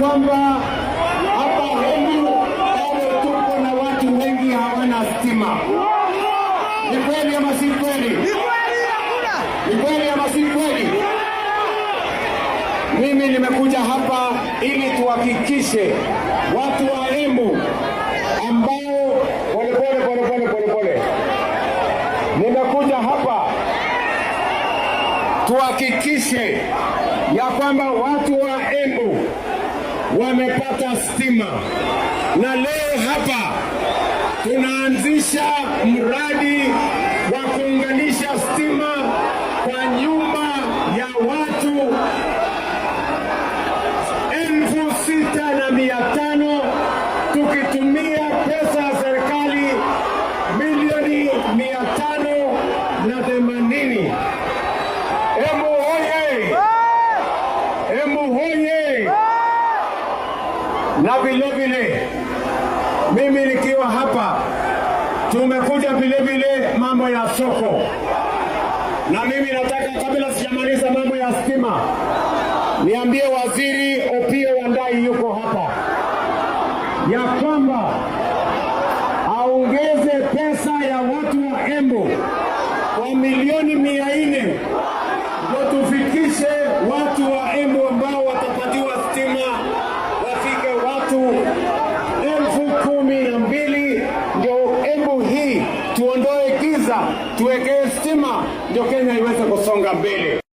kwamba hapa Hemi bado tuko na watu wengi hawana stima. Ni kweli ama si kweli? Ni kweli ama si kweli? Mimi nimekuja hapa ili tuhakikishe watu wa Embu ambao polepole polepole polepole, nimekuja hapa tuhakikishe ya kwamba watu wa wamepata stima, na leo hapa tunaanzisha mradi wa kuunganisha stima kwa nyumba ya watu elfu sita na mia tano tukitumia pesa ya serikali milioni mia tano na na vilevile mimi nikiwa hapa tumekuja vilevile mambo ya soko, na mimi nataka kabla sijamaliza mambo ya stima niambie waziri wa ndai yuko hapa ya kwamba aongeze pesa ya watu wa embo kwa milioni tuwekee stima, ndio Kenya iweze kusonga mbele.